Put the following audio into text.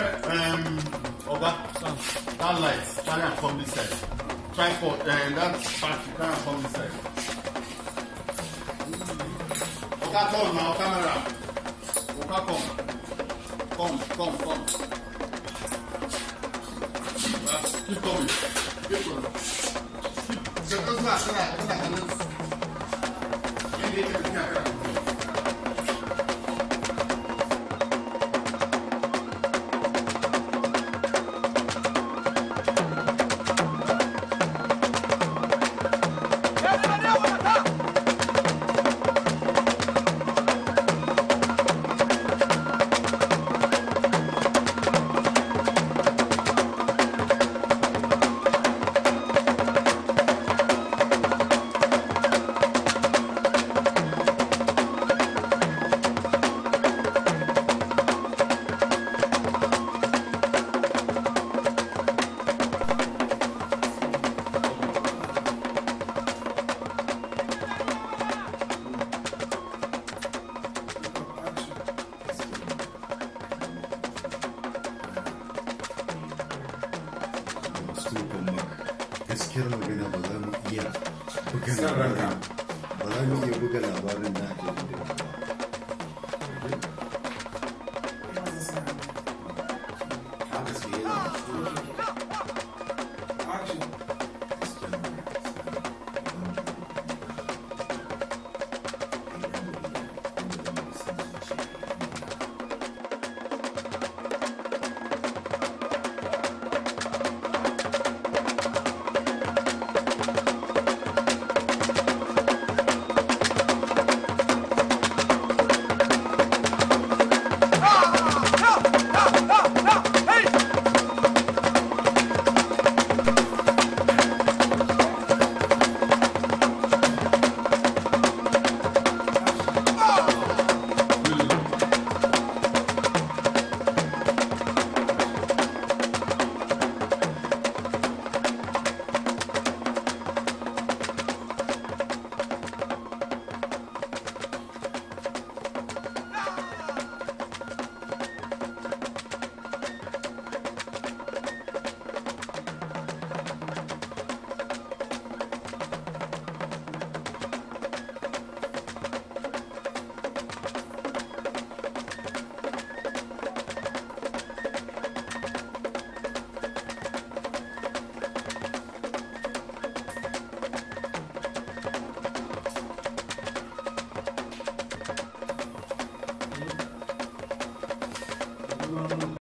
Um, Oga, that light, carry am come this side. Tripod, uh, eh, that part. carry am come this side. Oga, turn now, camera. Oga, come. Come, come, come. Uh, keep coming. Keep coming. Keep. Just go to the side. Go to the side. so ban gaskiyar magana ba za mu iya buga labarin ba za mu